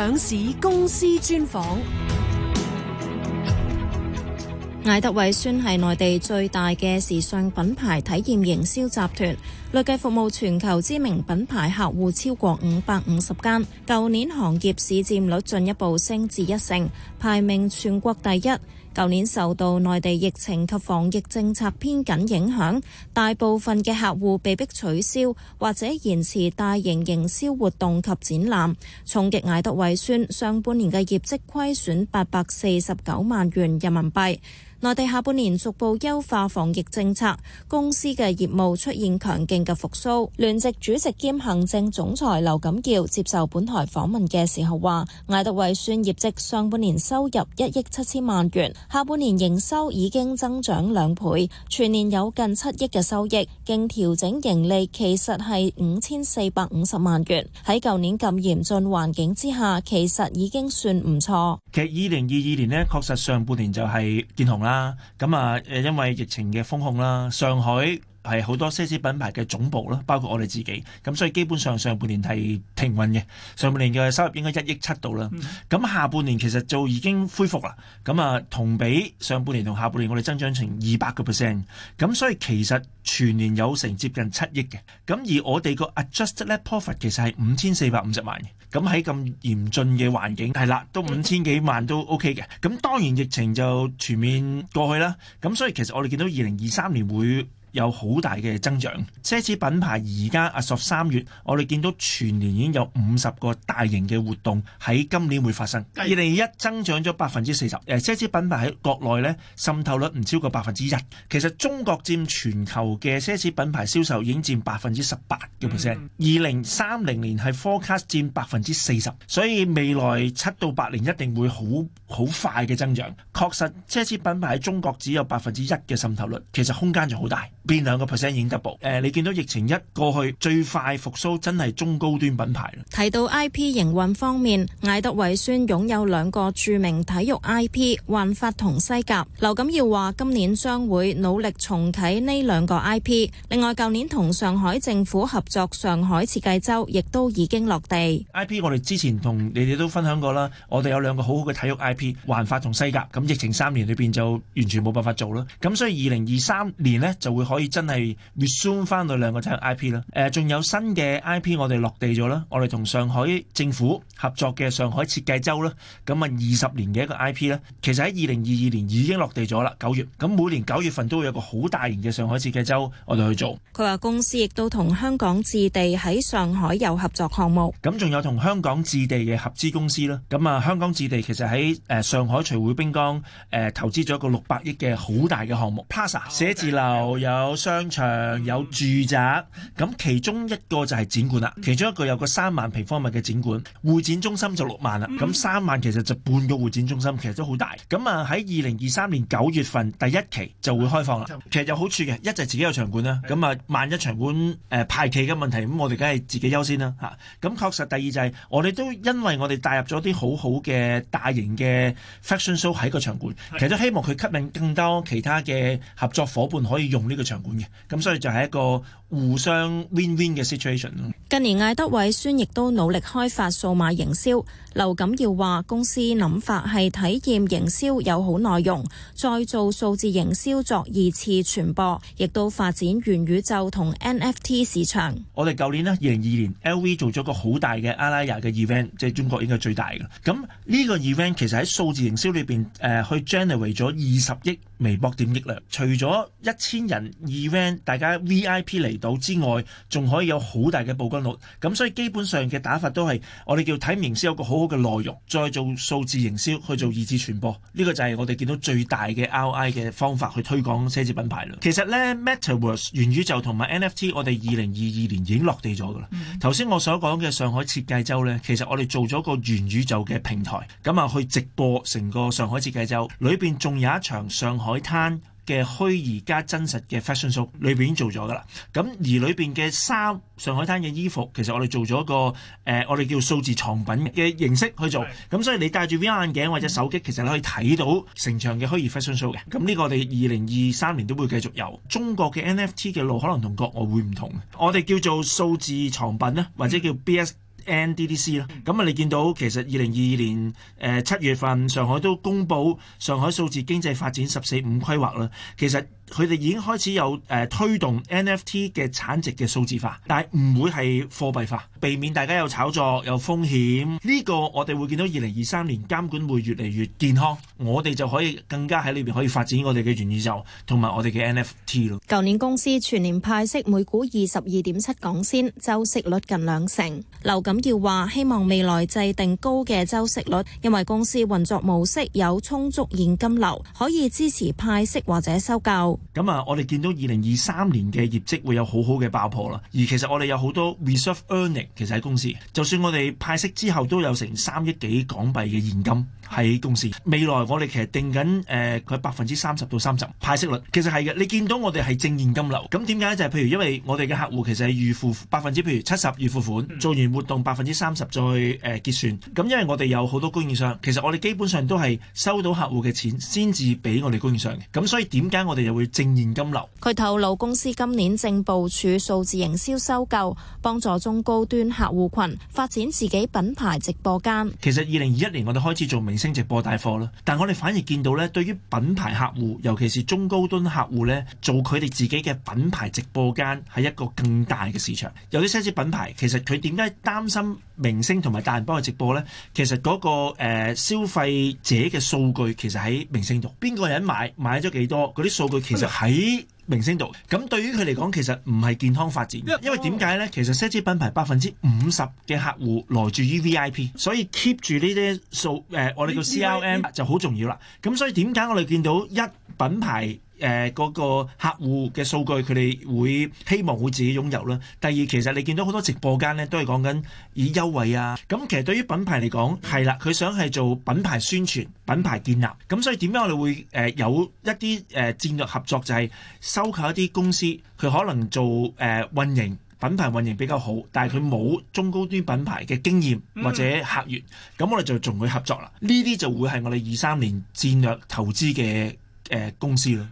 上市公司專訪，艾德韋宣係內地最大嘅時尚品牌體驗營銷集團，累計服務全球知名品牌客戶超過五百五十間，舊年行業市占率進一步升至一成，排名全國第一。舊年受到內地疫情及防疫政策偏緊影響，大部分嘅客戶被迫取消或者延遲大型營銷活動及展覽。重擊艾德韋宣上半年嘅業績，虧損八百四十九萬元人民幣。內地下半年逐步優化防疫政策，公司嘅業務出現強勁嘅復甦。聯席主席兼行政總裁劉錦耀接受本台訪問嘅時候話，艾德韋宣業績上半年收入一億七千萬元，下半年營收已經增長兩倍，全年有近七億嘅收益，經調整盈利其實係五千四百五十萬元。喺舊年咁嚴峻環境之下，其實已經算唔錯。其實二零二二年呢，確實上半年就係見紅啦。啦，咁啊，誒，因為疫情嘅風控啦，上海。係好多奢侈品牌嘅總部啦，包括我哋自己咁，所以基本上上半年係停運嘅。上半年嘅收入應該一億七度啦。咁、嗯、下半年其實就已經恢復啦。咁啊，同比上半年同下半年我哋增長成二百個 percent。咁所以其實全年有成接近七億嘅。咁而我哋個 adjusted net profit 其實係五千四百五十萬嘅。咁喺咁嚴峻嘅環境係啦，都五千幾萬都 OK 嘅。咁當然疫情就全面過去啦。咁所以其實我哋見到二零二三年會。有好大嘅增長，奢侈品牌而家啊，as of 三月，我哋見到全年已經有五十個大型嘅活動喺今年會發生。二零一增長咗百分之四十，奢侈品牌喺國內呢，滲透率唔超過百分之一。其實中國佔全球嘅奢侈品牌銷售已經佔百分之十八嘅 percent。二零三零年係 forecast 佔百分之四十，所以未來七到八年一定會好好快嘅增長。確實奢侈品牌喺中國只有百分之一嘅滲透率，其實空間就好大。邊兩個 percent 影得薄？誒，你見到疫情一過去，最快復甦真係中高端品牌啦。提到 I P 營運方面，艾德韋宣擁有兩個著名體育 I P 環法同西甲。劉錦耀話：今年將會努力重啟呢兩個 I P。另外，舊年同上海政府合作上海設計周，亦都已經落地 I P。IP，我哋之前同你哋都分享過啦，我哋有兩個好好嘅體育 I P 環法同西甲。咁疫情三年裏邊就完全冇辦法做啦。咁所以二零二三年呢就會開。可以真係 resume 翻到兩個製 IP 啦。誒，仲有新嘅 IP，我哋落地咗啦。我哋同上海政府合作嘅上海設計周啦，咁啊二十年嘅一個 IP 咧，其實喺二零二二年已經落地咗啦，九月。咁每年九月份都會有個好大型嘅上海設計周，我哋去做。佢話公司亦都同香港置地喺上海有合作項目，咁仲有同香港置地嘅合資公司啦。咁啊，香港置地其實喺誒上海徐匯濱江誒投資咗一個六百億嘅好大嘅項目 p a s s 寫字樓有。有商場有住宅，咁其中一個就係展館啦。其中一個有個三萬平方米嘅展館，會展中心就六萬啦。咁三萬其實就半個會展中心，其實都好大。咁啊喺二零二三年九月份第一期就會開放啦。其實有好處嘅，一就係自己有場館啦。咁啊萬一場館誒排期嘅問題，咁我哋梗係自己優先啦吓。咁確實第二就係、是、我哋都因為我哋帶入咗啲好好嘅大型嘅 fashion show 喺個場館，其實都希望佢吸引更多其他嘅合作夥伴可以用呢個。場館嘅，咁，嗯，所以就係一個。互相 win win 嘅 situation 咯。近年艾德偉宣亦都努力開發數碼營銷，劉錦耀話公司諗法係體驗營銷有好內容，再做數字營銷作二次傳播，亦都發展元宇宙同 NFT 市場。我哋舊年咧，二零二年 LV 做咗個好大嘅阿拉雅嘅 event，即係中國應該最大嘅。咁呢個 event 其實喺數字營銷裏邊誒、呃，去 generate 咗二十億微博點擊量。除咗一千人 event，大家 VIP 嚟。到之外，仲可以有好大嘅曝光率，咁所以基本上嘅打法都係我哋叫睇營有個好好嘅內容，再做數字營銷去做二次傳播，呢、呢個就係我哋見到最大嘅 L.I. 嘅方法去推廣奢侈品牌啦。其實咧，Metaverse 元宇宙同埋 NFT，我哋二零二二年已經落地咗噶啦。頭先、嗯、我所講嘅上海設計周咧，其實我哋做咗個元宇宙嘅平台，咁啊去直播成個上海設計周，裏邊仲有一場上海灘。嘅虛擬加真實嘅 fashion show，裏邊已經做咗噶啦，咁而裏邊嘅衫、上海灘嘅衣服，其實我哋做咗一個誒、呃，我哋叫數字藏品嘅形式去做，咁對所以你戴住 VR 眼鏡或者手機，其實你可以睇到成場嘅虛擬 fashion show 嘅。咁、嗯、呢個我哋二零二三年都會繼續有。中國嘅 NFT 嘅路可能同國外會唔同，我哋叫做數字藏品咧，或者叫 BS。嗯 NDDC 啦，咁啊你見到其實二零二二年誒七月份上海都公布上海數字經濟發展十四五規劃啦，其實。佢哋已經開始有誒、呃、推動 NFT 嘅產值嘅數字化，但係唔會係貨幣化，避免大家有炒作有風險。呢、呢個我哋會見到二零二三年監管會越嚟越健康，我哋就可以更加喺裏邊可以發展我哋嘅元宇宙同埋我哋嘅 NFT 咯。舊年公司全年派息每股二十二點七港仙，周息率近兩成。劉錦耀話：希望未來制定高嘅周息率，因為公司運作模式有充足現金流，可以支持派息或者收購。咁啊，我哋見到二零二三年嘅業績會有好好嘅爆破啦。而其實我哋有好多 reserve earning，其實喺公司，就算我哋派息之後都有成三億幾港幣嘅現金喺公司。未來我哋其實定緊誒佢百分之三十到三十派息率，其實係嘅。你見到我哋係正現金流，咁點解？就係、是、譬如因為我哋嘅客戶其實係預付百分之譬如七十預付款，做完活動百分之三十再誒、呃、結算。咁因為我哋有好多供應商，其實我哋基本上都係收到客戶嘅錢先至俾我哋供應商嘅。咁所以點解我哋又會正現金流。佢透露公司今年正部署數字營銷收購，幫助中高端客戶群發展自己品牌直播間。其實二零二一年我哋開始做明星直播帶貨啦，但我哋反而見到咧，對於品牌客戶，尤其是中高端客戶咧，做佢哋自己嘅品牌直播間係一個更大嘅市場。有啲奢侈品牌其實佢點解擔心？明星同埋大人幫佢直播呢，其實嗰、那個、呃、消費者嘅數據，其實喺明星度，邊個人買買咗幾多，嗰啲數據其實喺明星度。咁對於佢嚟講，其實唔係健康發展。因為因點解呢？其實奢侈品牌百分之五十嘅客戶來自於 V I P，所以 keep 住呢啲數誒、呃，我哋叫 CRM 就好重要啦。咁所以點解我哋見到一品牌？誒嗰、呃、個客戶嘅數據，佢哋會希望會自己擁有啦。第二，其實你見到好多直播間呢，都係講緊以優惠啊。咁其實對於品牌嚟講，係啦，佢想係做品牌宣傳、品牌建立。咁所以點解我哋會誒、呃、有一啲誒、呃、戰略合作，就係、是、收購一啲公司，佢可能做誒運營、品牌運營比較好，但係佢冇中高端品牌嘅經驗或者客源。咁、嗯、我哋就同佢合作啦。呢啲就會係我哋二三年戰略投資嘅。誒、欸、公司啦，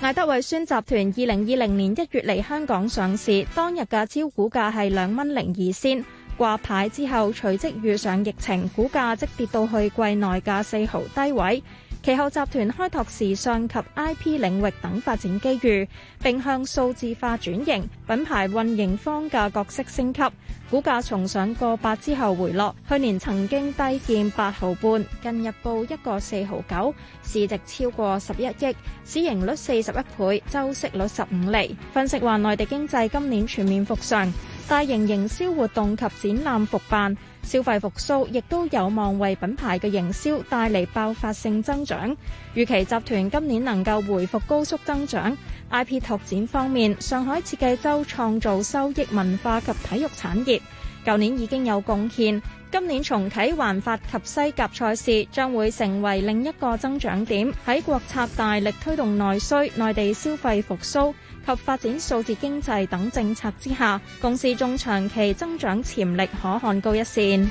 艾德韋宣集團二零二零年一月嚟香港上市，當日嘅招股價係兩蚊零二仙，掛牌之後隨即遇上疫情，股價即跌到去季內嘅四毫低位。其後集團開拓時尚及 IP 領域等發展機遇，並向數字化轉型，品牌運營方嘅角色升級。股價重上過百之後回落，去年曾經低見八毫半，近日報一個四毫九，市值超過十一億，市盈率四十一倍，周息率十五厘。分析話內地經濟今年全面復常，大型營銷活動及展覽復辦。消費復甦亦都有望為品牌嘅營銷帶嚟爆發性增長，預期集團今年能夠回復高速增長。IP 拓展方面，上海設計周創造收益文化及體育產業，舊年已經有貢獻。今年重啟環法及西甲賽事，將會成為另一個增長點，喺國策大力推動內需、內地消費復甦及發展數字經濟等政策之下，公司中長期增長潛力可看高一線。